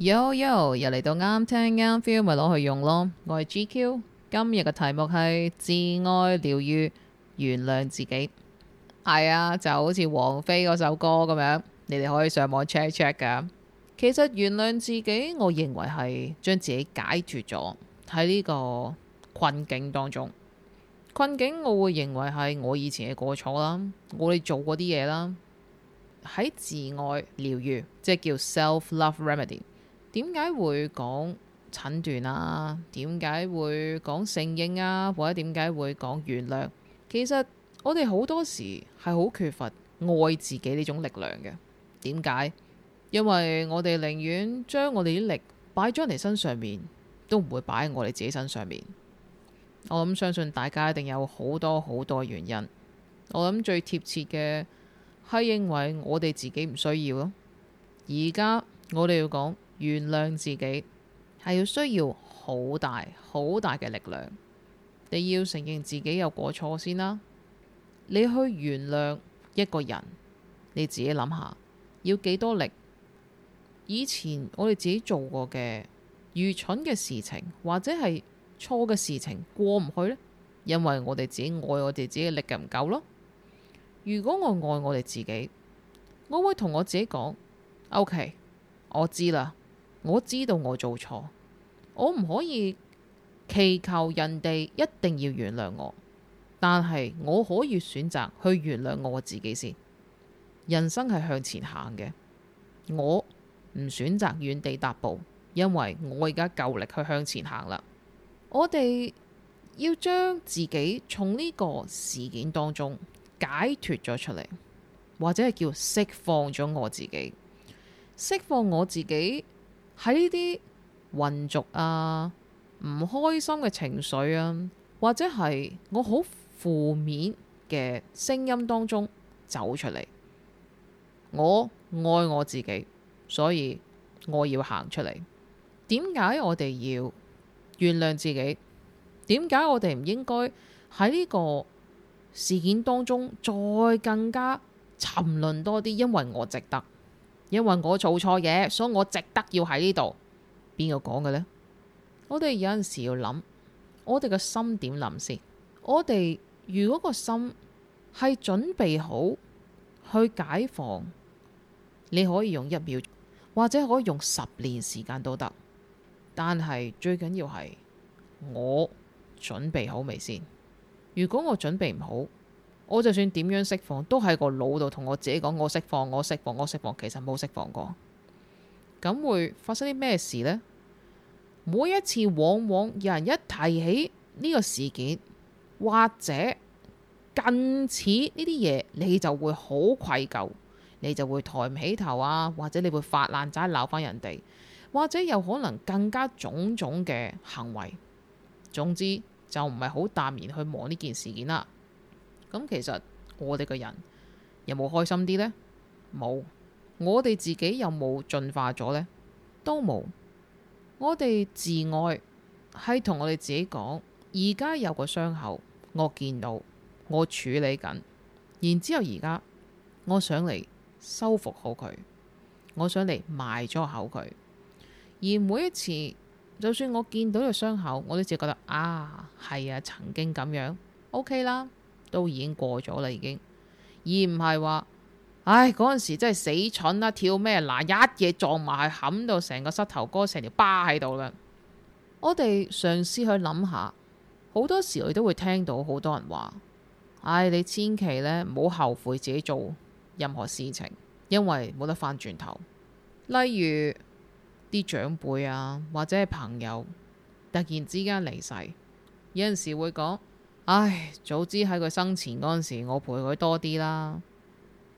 Yo Yo 又嚟到啱聽啱 feel，咪攞去用咯。我係 G Q，今日嘅題目係自愛療癒，原諒自己。係、哎、啊，就好似王菲嗰首歌咁樣，你哋可以上網 check check 噶。其實原諒自己，我認為係將自己解脫咗喺呢個困境當中。困境我會認為係我以前嘅過錯啦，我哋做嗰啲嘢啦。喺自愛療癒，即係叫 self love remedy。Rem 點解會講診斷啊？點解會講承認啊？或者點解會講原諒？其實我哋好多時係好缺乏愛自己呢種力量嘅。點解？因為我哋寧願將我哋啲力擺咗人哋身上面，都唔會擺喺我哋自己身上面。我諗相信大家一定有好多好多原因。我諗最貼切嘅係因為我哋自己唔需要咯。而家我哋要講。原諒自己係要需要好大好大嘅力量。你要承認自己有過錯先啦。你去原諒一個人，你自己諗下要幾多力？以前我哋自己做過嘅愚蠢嘅事情，或者係錯嘅事情過唔去呢？因為我哋自己愛我哋自己嘅力勁唔夠咯。如果我愛我哋自己，我會同我自己講：OK，我知啦。我知道我做錯，我唔可以祈求人哋一定要原諒我，但係我可以選擇去原諒我自己先。人生係向前行嘅，我唔選擇原地踏步，因為我而家夠力去向前行啦。我哋要將自己從呢個事件當中解脫咗出嚟，或者係叫釋放咗我自己，釋放我自己。喺呢啲混濁啊、唔開心嘅情緒啊，或者係我好負面嘅聲音當中走出嚟，我愛我自己，所以我要行出嚟。點解我哋要原諒自己？點解我哋唔應該喺呢個事件當中再更加沉淪多啲？因為我值得。因為我做錯嘢，所以我值得要喺呢度。邊個講嘅呢？我哋有陣時要諗，我哋個心點諗先？我哋如果個心係準備好去解放，你可以用一秒，或者可以用十年時間都得。但係最緊要係我準備好未先？如果我準備唔好，我就算點樣釋放，都喺個腦度同我自己講，我釋放，我釋放，我釋放，其實冇釋放過。咁會發生啲咩事呢？每一次往往有人一提起呢個事件，或者近似呢啲嘢，你就會好愧疚，你就會抬唔起頭啊，或者你會發爛渣鬧翻人哋，或者有可能更加種種嘅行為。總之就唔係好淡然去望呢件事件啦。咁其實我哋個人有冇開心啲呢？冇，我哋自己有冇進化咗呢？都冇。我哋自愛係同我哋自己講：而家有個傷口，我見到，我處理緊，然之後而家我想嚟修復好佢，我想嚟埋咗口佢。而每一次，就算我見到個傷口，我都只係覺得啊，係啊，曾經咁樣，OK 啦。都已經過咗啦，已經，而唔係話，唉，嗰陣時真係死蠢啦，跳咩？嗱，一夜撞埋，冚到成個膝頭哥，成條疤喺度啦。我哋嘗試去諗下，好多時我都會聽到好多人話，唉，你千祈呢，唔好後悔自己做任何事情，因為冇得翻轉頭。例如啲長輩啊，或者係朋友突然之間離世，有陣時會講。唉，早知喺佢生前嗰陣時，我陪佢多啲啦。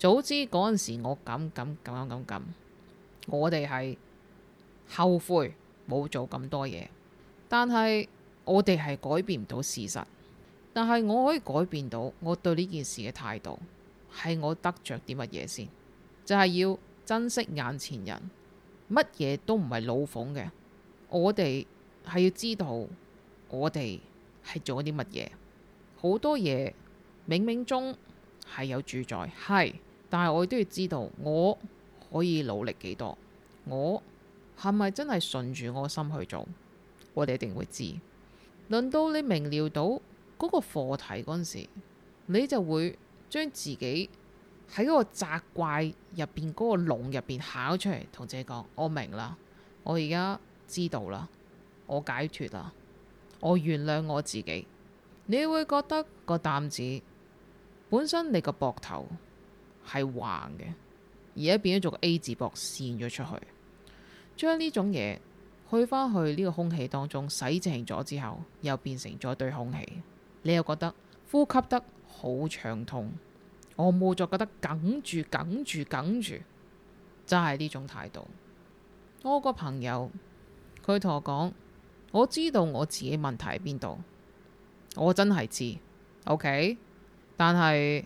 早知嗰陣時我，我咁咁咁樣咁咁，我哋係後悔冇做咁多嘢。但係我哋係改變唔到事實，但係我可以改變到我對呢件事嘅態度。係我得着啲乜嘢先？就係、是、要珍惜眼前人，乜嘢都唔係老奉嘅。我哋係要知道我，我哋係做啲乜嘢。好多嘢，冥冥中係有主宰，係，但係我都要知道我可以努力幾多，我係咪真係順住我心去做？我哋一定會知。輪到你明了到嗰個課題嗰陣時，你就會將自己喺嗰個責怪入邊嗰個籠入邊考出嚟，同自己講：我明啦，我而家知道啦，我解脱啦，我原諒我自己。你會覺得個擔子本身你個膊頭係橫嘅，而家變咗做 A 字膊，扇咗出去，將呢種嘢去返去呢個空氣當中洗淨咗之後，又變成咗對空氣，你又覺得呼吸得好暢通。我冇再覺得梗住梗住梗住，真係呢種態度。我個朋友佢同我講，我知道我自己問題喺邊度。我真係知，OK，但係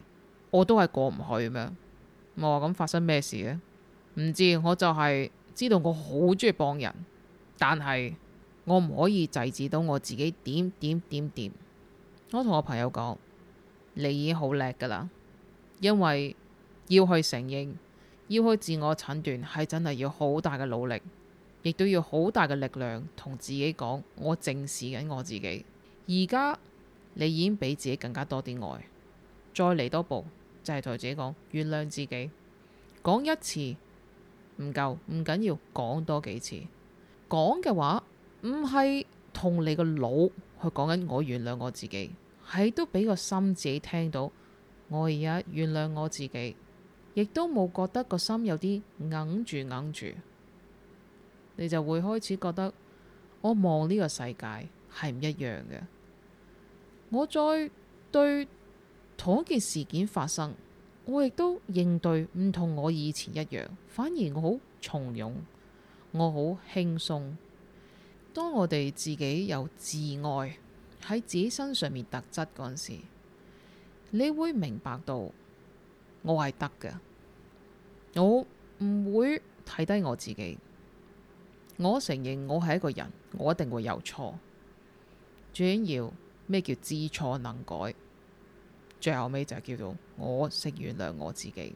我都係過唔去咁樣。我話咁發生咩事咧？唔知，我就係知道我好中意幫人，但係我唔可以制止到我自己點點點點點。我同我朋友講，你已經好叻㗎喇，因為要去承認、要去自我診斷係真係要好大嘅努力，亦都要好大嘅力量同自己講，我正視緊我自己而家。你已經比自己更加多啲愛，再嚟多步就係同自己講，原諒自己，講一次唔夠，唔緊要，講多幾次。講嘅話唔係同你個腦去講緊，我原諒我自己，係都俾個心自己聽到。我而家原諒我自己，亦都冇覺得個心有啲硬住硬住，你就會開始覺得我望呢個世界係唔一樣嘅。我再對同一件事件發生，我亦都應對唔同我以前一樣，反而我好從容，我好輕鬆。當我哋自己有自愛喺自己身上面特質嗰陣時，你會明白到我係得嘅，我唔會睇低我自己。我承認我係一個人，我一定會有錯。主要。咩叫知錯能改？最後尾就叫做我識原諒我自己。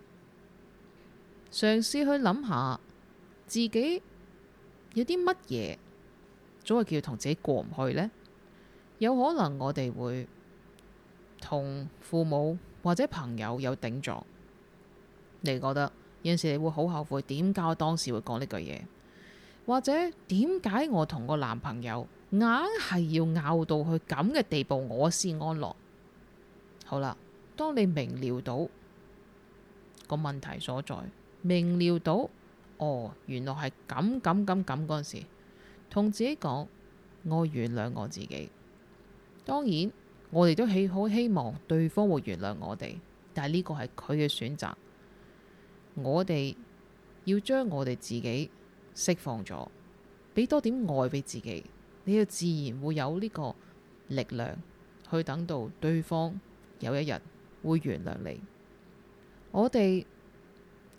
嘗試去諗下自己有啲乜嘢，總係叫同自己過唔去呢？有可能我哋會同父母或者朋友有頂撞，你覺得有陣時你會好後悔，點解我當時會講呢句嘢？或者點解我同個男朋友？硬係要拗到去咁嘅地步，我先安樂。好啦，當你明了到個問題所在，明了到哦，原來係咁咁咁咁嗰陣時，同自己講我原諒我自己。當然我哋都希好希望對方會原諒我哋，但係呢個係佢嘅選擇。我哋要將我哋自己釋放咗，俾多點愛俾自己。你要自然會有呢個力量去等到對方有一日會原諒你。我哋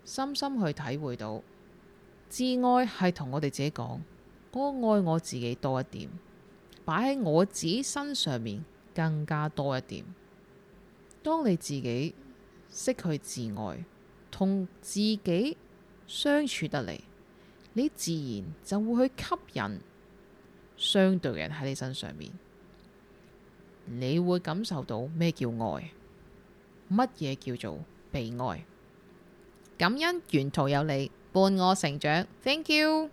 深深去體會到自愛係同我哋自己講，我愛我自己多一點，擺喺我自己身上面更加多一點。當你自己識去自愛，同自己相處得嚟，你自然就會去吸引。相對人喺你身上面，你會感受到咩叫愛？乜嘢叫做被愛？感恩沿途有你伴我成長，Thank you。